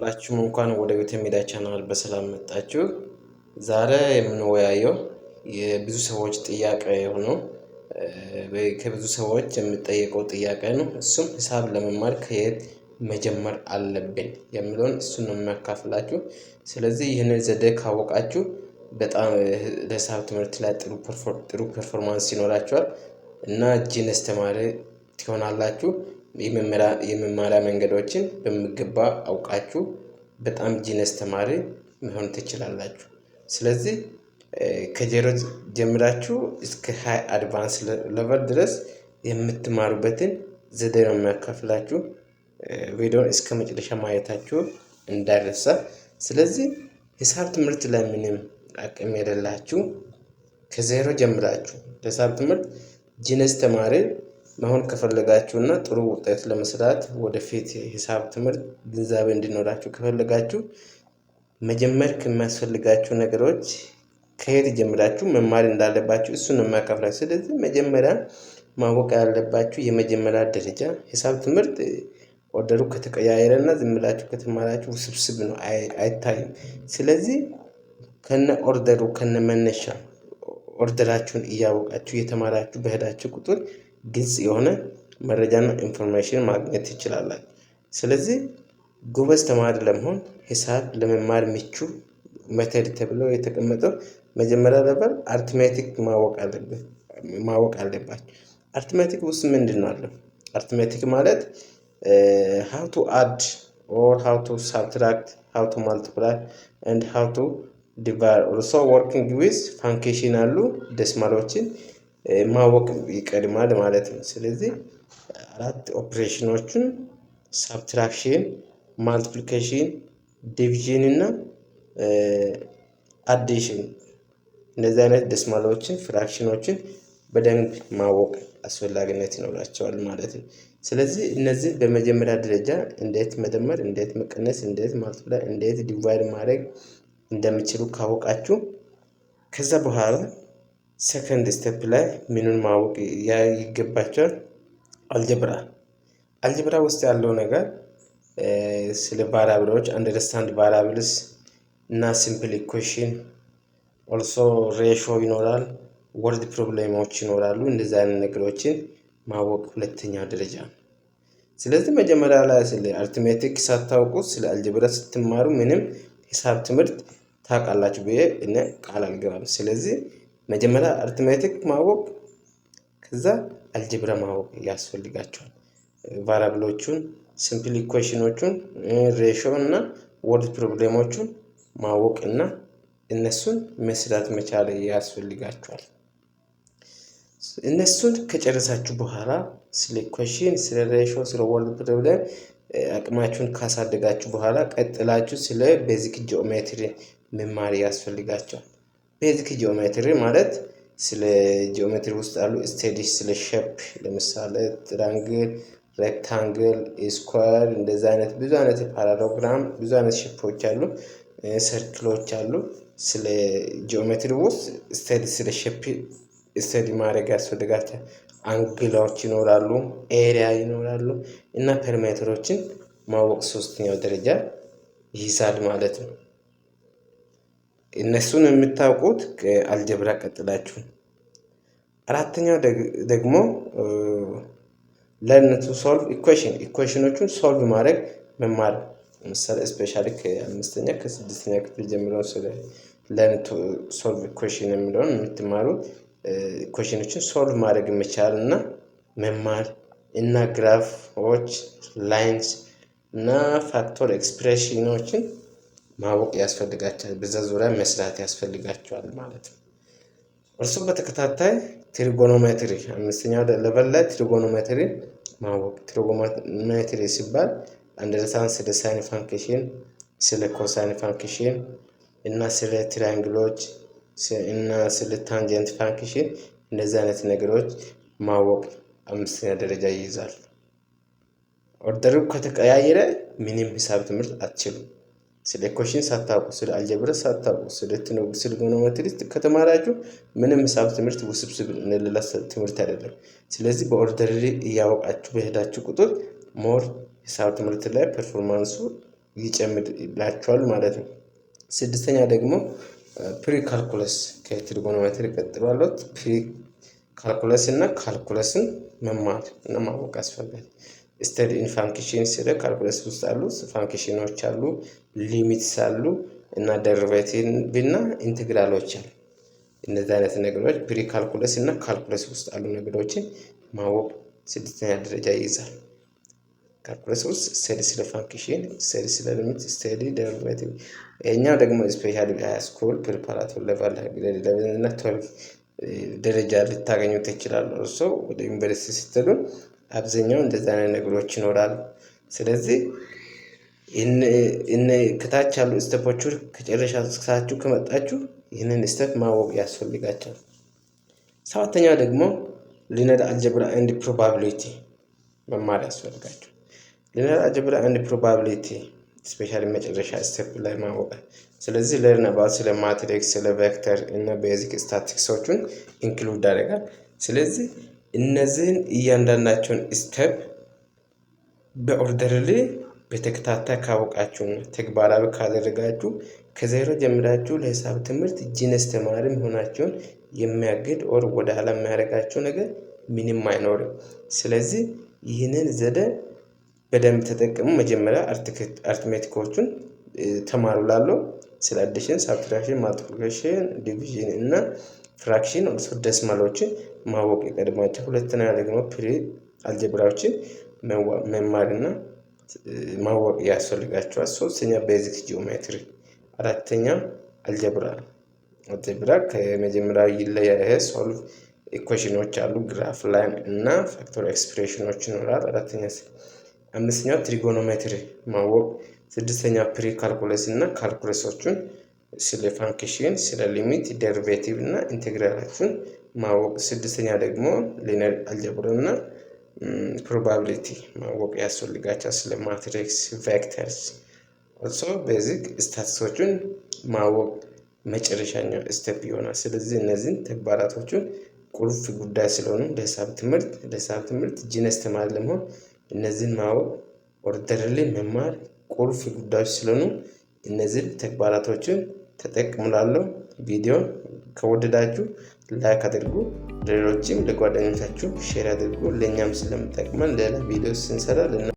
ሁላችሁም እንኳን ወደ ቤተ ሜዳ ቻናል በሰላም መጣችሁ። ዛሬ የምንወያየው የብዙ ሰዎች ጥያቄ ሆኖ ከብዙ ሰዎች የምጠየቀው ጥያቄ ነው። እሱም ሂሳብ ለመማር ከየት መጀመር አለብን የሚለውን እሱን ነው የሚያካፍላችሁ። ስለዚህ ይህንን ዘዴ ካወቃችሁ በጣም ለሂሳብ ትምህርት ላይ ጥሩ ፐርፎርማንስ ይኖራችኋል እና ጂነስ ተማሪ ትሆናላችሁ። የመማሪያ መንገዶችን በሚገባ አውቃችሁ በጣም ጂነስ ተማሪ መሆን ትችላላችሁ። ስለዚህ ከዜሮ ጀምራችሁ እስከ ሀይ አድቫንስ ሌቨል ድረስ የምትማሩበትን ዘዴ ነው የሚያካፍላችሁ። ቪዲዮን እስከ መጨረሻ ማየታችሁ እንዳይረሳ። ስለዚህ ሂሳብ ትምህርት ላይ ምንም አቅም የሌላችሁ ከዜሮ ጀምራችሁ ለሂሳብ ትምህርት ጂነስ ተማሪ መሆን ከፈለጋችሁ እና ጥሩ ውጤት ለመስራት ወደፊት ሂሳብ ትምህርት ግንዛቤ እንዲኖራችሁ ከፈለጋችሁ መጀመር ከሚያስፈልጋችሁ ነገሮች ከየት ጀምራችሁ መማር እንዳለባችሁ እሱን የማካፍላችሁ። ስለዚህ መጀመሪያ ማወቅ ያለባችሁ የመጀመሪያ ደረጃ ሂሳብ ትምህርት ኦርደሩ ከተቀያየረ እና ዝም ብላችሁ ከተማራችሁ ውስብስብ ነው፣ አይታይም። ስለዚህ ከነ ኦርደሩ ከነ መነሻ ኦርደራችሁን እያወቃችሁ የተማራችሁ በሄዳችሁ ቁጥር ግልጽ የሆነ መረጃና ኢንፎርሜሽን ማግኘት ትችላላችሁ። ስለዚህ ጎበዝ ተማሪ ለመሆን ሂሳብ ለመማር ምቹ መተድ ተብለው የተቀመጠው መጀመሪያ ነበር አርትሜቲክ ማወቅ አለባቸው። አርትሜቲክ ውስጥ ምንድን ነው አለው? አርትሜቲክ ማለት ሃው ቱ አድ ኦር ሃው ቱ ሳብትራክት ሃው ቱ ማልቲፕላይ ኤንድ ሃው ቱ ዲቫይድ ኦልሶ ወርኪንግ ዊዝ ፋንክሽን አሉ ደስማሎችን ማወቅ ይቀድማል ማለት ነው። ስለዚህ አራት ኦፕሬሽኖችን ሳብትራክሽን፣ ማልቲፕሊኬሽን፣ ዲቪዥን እና አዲሽን እነዚህ አይነት ደስማሎችን ፍራክሽኖችን በደንብ ማወቅ አስፈላጊነት ይኖራቸዋል ማለት ነው። ስለዚህ እነዚህ በመጀመሪያ ደረጃ እንዴት መደመር፣ እንዴት መቀነስ፣ እንዴት ማልቲፕላይ፣ እንዴት ዲቫይድ ማድረግ እንደምችሉ ካወቃችሁ ከዛ በኋላ ሰከንድ ስቴፕ ላይ ምንን ማወቅ ይገባቸዋል? አልጀብራ አልጀብራ ውስጥ ያለው ነገር ስለ ቫራብሎች አንደርስታንድ ቫራብልስ እና ሲምፕል ኢኩዌሽን ኦልሶ ሬሾ ይኖራል፣ ወርድ ፕሮብሌሞች ይኖራሉ። እንደዚህ አይነት ነገሮችን ማወቅ ሁለተኛ ደረጃ ነው። ስለዚህ መጀመሪያ ላይ ስለ አርትሜቲክ ሳታውቁ ስለ አልጀብራ ስትማሩ ምንም ሂሳብ ትምህርት ታውቃላችሁ ብዬ እኔ ቃል አልገባም። ስለዚህ መጀመሪያ አርትሜቲክ ማወቅ ከዛ አልጀብራ ማወቅ ያስፈልጋቸዋል። ቫራብሎቹን፣ ሲምፕል ኢኩዌሽኖቹን፣ ሬሽዮ እና ወርድ ፕሮብሌሞቹን ማወቅ እና እነሱን መስራት መቻል ያስፈልጋቸዋል። እነሱን ከጨረሳችሁ በኋላ ስለ ኢኩዌሽን፣ ስለ ሬሽዮ፣ ስለ ወርድ ፕሮብሌም አቅማችሁን ካሳደጋችሁ በኋላ ቀጥላችሁ ስለ ቤዚክ ጂኦሜትሪ መማር ያስፈልጋቸዋል። ቤዚክ ጂኦሜትሪ ማለት ስለ ጂኦሜትሪ ውስጥ ያሉ ስቴዲሽ ስለ ሸፕ ለምሳሌ ትራንግል፣ ሬክታንግል፣ ስኳር እንደዚ አይነት ብዙ አይነት ፓራሎግራም ብዙ አይነት ሸፖች አሉ፣ ሰርክሎች አሉ። ስለ ጂኦሜትሪ ውስጥ ስቴዲ ስለ ሸፕ ስቴዲ ማድረግ ያስፈልጋቸዋል። አንግላዎች ይኖራሉ፣ ኤሪያ ይኖራሉ እና ፐርሜትሮችን ማወቅ ሶስተኛው ደረጃ ይይዛል ማለት ነው። እነሱን የምታውቁት ከአልጀብራ ቀጥላችሁ። አራተኛው ደግሞ ለርን ቱ ሶልቭ ኢኩዌሽን ኢኩዌሽኖቹን ሶልቭ ማድረግ መማር። ምሳሌ ስፔሻሊ ከአምስተኛ ከስድስተኛ ክፍል ጀምሮ ስለ ለርን ቱ ሶልቭ ኢኩዌሽን የሚለውን የምትማሩት ኢኩዌሽኖችን ሶልቭ ማድረግ መቻል እና መማር እና ግራፎች፣ ላይንስ እና ፋክቶር ኤክስፕሬሽኖችን ማወቅ ያስፈልጋቸዋል። በዛ ዙሪያ መስራት ያስፈልጋቸዋል ማለት ነው። እርሱ በተከታታይ ትሪጎኖሜትሪ አምስተኛ ለበል ላይ ትሪጎኖሜትሪ ማወቅ። ትሪጎኖሜትሪ ሲባል አንደርሳን ስለ ሳይን ፋንክሽን፣ ስለ ኮሳይን ፋንክሽን እና ስለ ትሪያንግሎች እና ስለ ታንጀንት ፋንክሽን እንደዚህ አይነት ነገሮች ማወቅ አምስተኛ ደረጃ ይይዛል። ኦርደሩ ከተቀያየረ ምንም ሂሳብ ትምህርት አትችሉም። ስለ ኮሽን ሳታውቁ ስለ አልጀብረ ሳታውቁ ስለ ትነጉ ስለ ጎኖሜትሪ ከተማራችሁ ምንም ሂሳብ ትምህርት ውስብስብ ሌላ ትምህርት አይደለም። ስለዚህ በኦርደር እያወቃችሁ በሄዳችሁ ቁጥር ሞር ሂሳብ ትምህርት ላይ ፐርፎርማንሱ ይጨምርላችኋል ማለት ነው። ስድስተኛ ደግሞ ፕሪ ካልኩለስ ከትሪጎኖሜትሪ ቀጥሏለት ፕሪ ካልኩለስ እና ካልኩለስን መማር እና ማወቅ ያስፈልጋል። ስቴድ ኢን ፋንክሽን ሲለ ካልኩለስ ውስጥ አሉ ፋንክሽኖች አሉ፣ ሊሚትስ አሉ እና ደርቫቲቭ እና ኢንትግራሎች አሉ። እነዚህ አይነት ነገሮች ፕሪ ካልኩለስ እና ካልኩለስ ውስጥ አሉ ነገሮችን ማወቅ ስድስተኛ ደረጃ ይይዛል። ካልኩለስ ውስጥ ስቴድ ስለ ፋንክሽን፣ ስቴድ ስለ ሊሚት፣ ስቴድ ደርቫቲቭ። እኛው ደግሞ ስፔሻል ሃይ ስኩል ፕሪፓራቶሪ ለቫል ለና ትዌልቭ ደረጃ ልታገኙ ትችላሉ። እርሶ ወደ ዩኒቨርሲቲ ስትሉ አብዛኛው እንደዛ አይነት ነገሮች ይኖራል። ስለዚህ ከታች ያሉ ስቴፖቹ ከጨረሻ ሳችሁ ከመጣችሁ ይህንን ስቴፕ ማወቅ ያስፈልጋቸዋል። ሰባተኛው ደግሞ ሊነር አልጀብራ ኤንድ ፕሮባቢሊቲ መማር ያስፈልጋቸው። ሊነር አልጀብራ ኤንድ ፕሮባቢሊቲ ስፔሻሊ መጨረሻ ስቴፕ ላይ ማወቅ። ስለዚህ ለርን አባውት ስለ ማትሪክስ፣ ስለ ቬክተር እና ቤዚክ ስታቲክሶቹን ኢንክሉድ ያደርጋል። ስለዚህ እነዚህን እያንዳንዳቸውን ስተፕ በኦርደርሌ በተከታታይ ካወቃችሁ ተግባራዊ ካደረጋችሁ ከዜሮ ጀምራችሁ ለሂሳብ ትምህርት ጂነስ ተማሪ መሆናችሁን የሚያግድ ኦር ወደ ኋላ የሚያደርጋችሁ ነገር ምንም አይኖርም። ስለዚህ ይህንን ዘዴ በደንብ ተጠቀሙ። መጀመሪያ አርትሜቲኮቹን ተማሩ ስለ አዲሽን፣ ሳብትራክሽን፣ ማልቲፕሊኬሽን፣ ዲቪዥን እና ፍራክሽን ዴሲማሎችን ማወቅ ይቀድማቸው። ሁለተኛ ደግሞ ፕሪ አልጀብራዎችን መማርና ማወቅ ያስፈልጋቸዋል። ሶስተኛ ቤዚክ ጂኦሜትሪ፣ አራተኛ አልጀብራ አልጀብራ ከመጀመሪያው ይለያል። ይሄ ሶልቭ ኢኩዌሽኖች አሉ ግራፍ ላይን እና ፋክተር ኤክስፕሬሽኖች ይኖራል። አራተኛ አምስተኛው ትሪጎኖሜትሪ ማወቅ፣ ስድስተኛ ፕሪ ካልኩለስ እና ካልኩለሶቹን ስለ ፋንክሽን፣ ስለ ሊሚት፣ ደርቬቲቭ እና ኢንቴግራላችን ማወቅ፣ ስድስተኛ ደግሞ ሊነር አልጀብራ እና ፕሮባቢሊቲ ማወቅ ያስፈልጋቸዋል። ስለ ማትሪክስ፣ ቬክተርስ ኦልሶ ቤዚክ ስታትሶቹን ማወቅ መጨረሻኛው ስቴፕ ይሆናል። ስለዚህ እነዚህን ተግባራቶቹን ቁልፍ ጉዳይ ስለሆኑ ለሂሳብ ትምህርት ለሂሳብ ትምህርት ጂነስ ተማሪ ለመሆን እነዚህን ማወቅ ኦርደርሊ መማር ቁልፍ ጉዳዮች ስለሆኑ እነዚህ ተግባራቶችን ተጠቅሙላለሁ። ቪዲዮ ከወደዳችሁ ላይክ አድርጉ፣ ሌሎችም ለጓደኞቻችሁ ሼር አድርጉ። ለእኛም ስለምጠቅመን ሌላ ቪዲዮ ስንሰራ